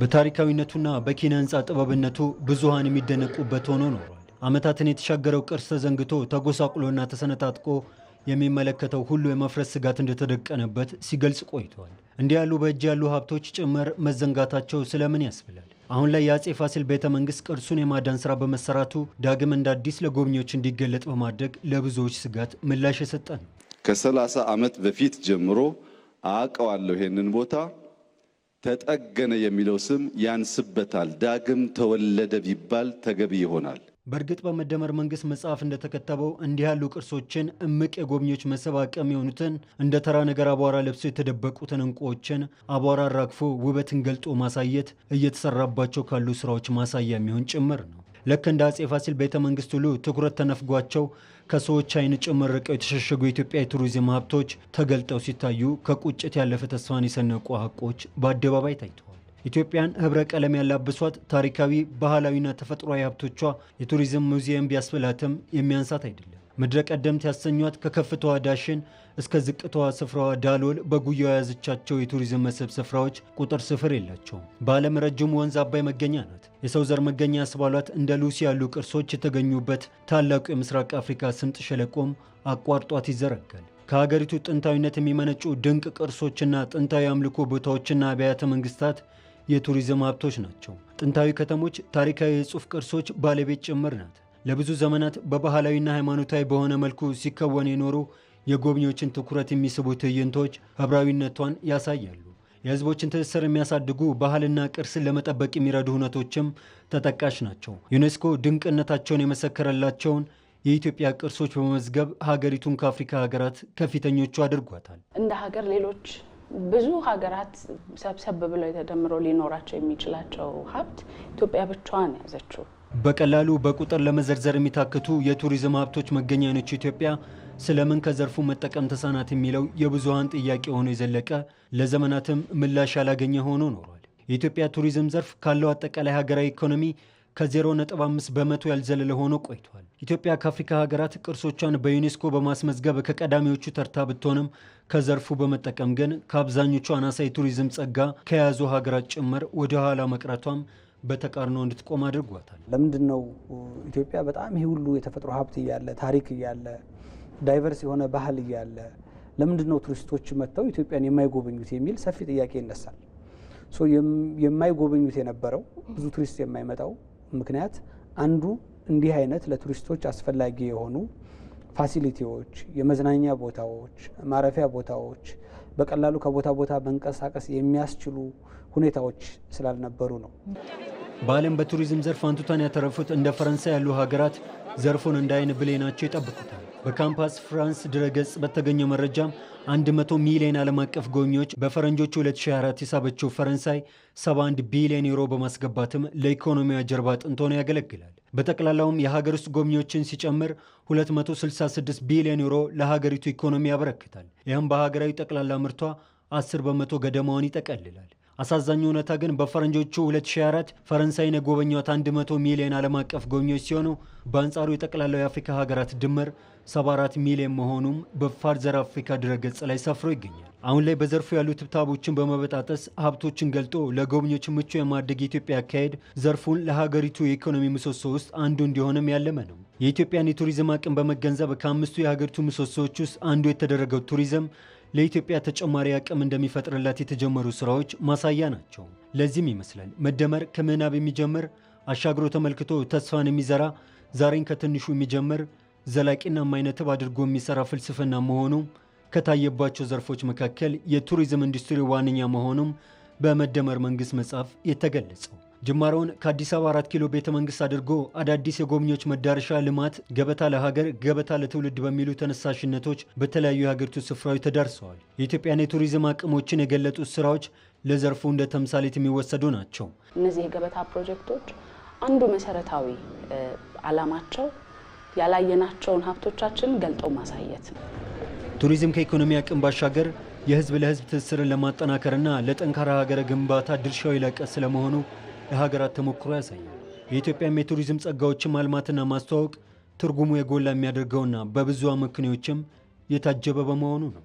በታሪካዊነቱና በኪነ ህንፃ ጥበብነቱ ብዙሃን የሚደነቁበት ሆኖ ኖሯል። ዓመታትን የተሻገረው ቅርስ ተዘንግቶ ተጎሳቁሎና ተሰነጣጥቆ የሚመለከተው ሁሉ የመፍረስ ስጋት እንደተደቀነበት ሲገልጽ ቆይተዋል። እንዲህ ያሉ በእጅ ያሉ ሀብቶች ጭምር መዘንጋታቸው ስለምን ያስብላል? አሁን ላይ የአጼ ፋሲል ቤተ መንግስት ቅርሱን የማዳን ስራ በመሰራቱ ዳግም እንደ አዲስ ለጎብኚዎች እንዲገለጥ በማድረግ ለብዙዎች ስጋት ምላሽ የሰጠ ነው። ከሰላሳ ዓመት በፊት ጀምሮ አውቀዋለሁ ይሄንን ቦታ ተጠገነ የሚለው ስም ያንስበታል። ዳግም ተወለደ ቢባል ተገቢ ይሆናል። በእርግጥ በመደመር መንግስት መጽሐፍ እንደተከተበው እንዲህ ያሉ ቅርሶችን እምቅ የጎብኚዎች መስህብ አቅም የሆኑትን እንደ ተራ ነገር አቧራ ለብሰው የተደበቁትን እንቁዎችን አቧራ አራግፎ ውበትን ገልጦ ማሳየት እየተሰራባቸው ካሉ ስራዎች ማሳያ የሚሆን ጭምር ነው። ልክ እንደ አጼ ፋሲል ቤተ መንግስት ሁሉ ትኩረት ተነፍጓቸው ከሰዎች አይን ጭምር ርቀው የተሸሸጉ የኢትዮጵያ የቱሪዝም ሀብቶች ተገልጠው ሲታዩ ከቁጭት ያለፈ ተስፋን የሰነቁ ሀቆች በአደባባይ ታይተዋል። ኢትዮጵያን ህብረ ቀለም ያላብሷት ታሪካዊ ባህላዊና ተፈጥሯዊ ሀብቶቿ የቱሪዝም ሙዚየም ቢያስብላትም የሚያንሳት አይደለም። ምድረ ቀደምት ያሰኟት ከከፍታዋ ዳሽን እስከ ዝቅታዋ ስፍራዋ ዳሎል በጉያ የያዘቻቸው የቱሪዝም መስህብ ስፍራዎች ቁጥር ስፍር የላቸውም። በዓለም ረጅሙ ወንዝ አባይ መገኛ ናት። የሰው ዘር መገኛ ያስባሏት እንደ ሉሲ ያሉ ቅርሶች የተገኙበት ታላቁ የምስራቅ አፍሪካ ስምጥ ሸለቆም አቋርጧት ይዘረጋል። ከሀገሪቱ ጥንታዊነት የሚመነጩ ድንቅ ቅርሶችና ጥንታዊ አምልኮ ቦታዎችና አብያተ መንግስታት የቱሪዝም ሀብቶች ናቸው። ጥንታዊ ከተሞች፣ ታሪካዊ የጽሑፍ ቅርሶች ባለቤት ጭምር ናት። ለብዙ ዘመናት በባህላዊና ሃይማኖታዊ በሆነ መልኩ ሲከወን የኖሩ የጎብኚዎችን ትኩረት የሚስቡ ትዕይንቶች ህብራዊነቷን ያሳያሉ። የህዝቦችን ትስስር የሚያሳድጉ ባህልና ቅርስን ለመጠበቅ የሚረዱ ሁነቶችም ተጠቃሽ ናቸው። ዩኔስኮ ድንቅነታቸውን የመሰከረላቸውን የኢትዮጵያ ቅርሶች በመመዝገብ ሀገሪቱን ከአፍሪካ ሀገራት ከፊተኞቹ አድርጓታል። እንደ ሀገር ሌሎች ብዙ ሀገራት ሰብሰብ ብለው የተደምረው ሊኖራቸው የሚችላቸው ሀብት ኢትዮጵያ ብቻዋን ያዘችው በቀላሉ በቁጥር ለመዘርዘር የሚታክቱ የቱሪዝም ሀብቶች መገኛ ነች ኢትዮጵያ። ስለምን ከዘርፉ መጠቀም ተሳናት የሚለው የብዙሀን ጥያቄ ሆኖ የዘለቀ ለዘመናትም ምላሽ ያላገኘ ሆኖ ኖሯል። የኢትዮጵያ ቱሪዝም ዘርፍ ካለው አጠቃላይ ሀገራዊ ኢኮኖሚ ከ0.5 በመቶ ያልዘለለ ሆኖ ቆይቷል። ኢትዮጵያ ከአፍሪካ ሀገራት ቅርሶቿን በዩኔስኮ በማስመዝገብ ከቀዳሚዎቹ ተርታ ብትሆንም ከዘርፉ በመጠቀም ግን ከአብዛኞቹ አናሳ የቱሪዝም ጸጋ ከያዙ ሀገራት ጭምር ወደ ኋላ መቅረቷም በተቃርኖ እንድትቆም አድርጓታል። ለምንድን ነው ኢትዮጵያ በጣም ይህ ሁሉ የተፈጥሮ ሀብት እያለ ታሪክ እያለ ዳይቨርስ የሆነ ባህል እያለ ለምንድን ነው ቱሪስቶች መጥተው ኢትዮጵያን የማይጎበኙት የሚል ሰፊ ጥያቄ ይነሳል። የማይጎበኙት የነበረው ብዙ ቱሪስት የማይመጣው ምክንያት አንዱ እንዲህ አይነት ለቱሪስቶች አስፈላጊ የሆኑ ፋሲሊቲዎች፣ የመዝናኛ ቦታዎች፣ ማረፊያ ቦታዎች በቀላሉ ከቦታ ቦታ መንቀሳቀስ የሚያስችሉ ሁኔታዎች ስላልነበሩ ነው። በዓለም በቱሪዝም ዘርፍ አንቱታን ያተረፉት እንደ ፈረንሳይ ያሉ ሀገራት ዘርፉን እንደ አይን ብሌናቸው ይጠብቁታል። በካምፓስ ፍራንስ ድረገጽ በተገኘ መረጃም 100 ሚሊዮን ዓለም አቀፍ ጎብኚዎች በፈረንጆቹ 2024 የሳበችው ፈረንሳይ 71 ቢሊዮን ዩሮ በማስገባትም ለኢኮኖሚዋ ጀርባ ጥንቶ ነው ያገለግላል። በጠቅላላውም የሀገር ውስጥ ጎብኚዎችን ሲጨምር 266 ቢሊዮን ዩሮ ለሀገሪቱ ኢኮኖሚ ያበረክታል። ይህም በሀገራዊ ጠቅላላ ምርቷ 10 በመቶ ገደማውን ይጠቀልላል። አሳዛኙ እውነታ ግን በፈረንጆቹ 2024 ፈረንሳይን የጎበኟት 100 ሚሊዮን ዓለም አቀፍ ጎብኚዎች ሲሆኑ በአንጻሩ የጠቅላላው የአፍሪካ ሀገራት ድምር 74 ሚሊዮን መሆኑም በፋርዘር አፍሪካ ድረገጽ ላይ ሰፍሮ ይገኛል። አሁን ላይ በዘርፉ ያሉ ትብታቦችን በመበጣጠስ ሀብቶችን ገልጦ ለጎብኚዎች ምቹ የማድረግ የኢትዮጵያ አካሄድ ዘርፉን ለሀገሪቱ የኢኮኖሚ ምሰሶ ውስጥ አንዱ እንዲሆንም ያለመ ነው። የኢትዮጵያን የቱሪዝም አቅም በመገንዘብ ከአምስቱ የሀገሪቱ ምሰሶዎች ውስጥ አንዱ የተደረገው ቱሪዝም ለኢትዮጵያ ተጨማሪ አቅም እንደሚፈጥርላት የተጀመሩ ስራዎች ማሳያ ናቸው። ለዚህም ይመስላል መደመር ከምናብ የሚጀምር አሻግሮ ተመልክቶ ተስፋን የሚዘራ ዛሬን ከትንሹ የሚጀምር ዘላቂና ማይነትብ አድርጎ የሚሰራ ፍልስፍና መሆኑ ከታየባቸው ዘርፎች መካከል የቱሪዝም ኢንዱስትሪ ዋነኛ መሆኑም በመደመር መንግስት መጽሐፍ የተገለጸው ጅማሮን ከአዲስ አበባ አራት ኪሎ ቤተ መንግስት አድርጎ አዳዲስ የጎብኚዎች መዳረሻ ልማት ገበታ ለሀገር ገበታ ለትውልድ በሚሉ ተነሳሽነቶች በተለያዩ የሀገሪቱ ስፍራዎች ተዳርሰዋል። የኢትዮጵያን የቱሪዝም አቅሞችን የገለጡት ስራዎች ለዘርፉ እንደ ተምሳሌት የሚወሰዱ ናቸው። እነዚህ የገበታ ፕሮጀክቶች አንዱ መሰረታዊ አላማቸው ያላየናቸውን ሀብቶቻችን ገልጦ ማሳየት ነው። ቱሪዝም ከኢኮኖሚ አቅም ባሻገር የህዝብ ለህዝብ ትስስርን ለማጠናከርና ለጠንካራ ሀገረ ግንባታ ድርሻው የላቀ ስለመሆኑ የሀገራት ተሞክሮ ያሳያል። የኢትዮጵያም የቱሪዝም ጸጋዎችን ማልማትና ማስተዋወቅ ትርጉሙ የጎላ የሚያደርገውና በብዙ አመክንዮዎችም የታጀበ በመሆኑ ነው።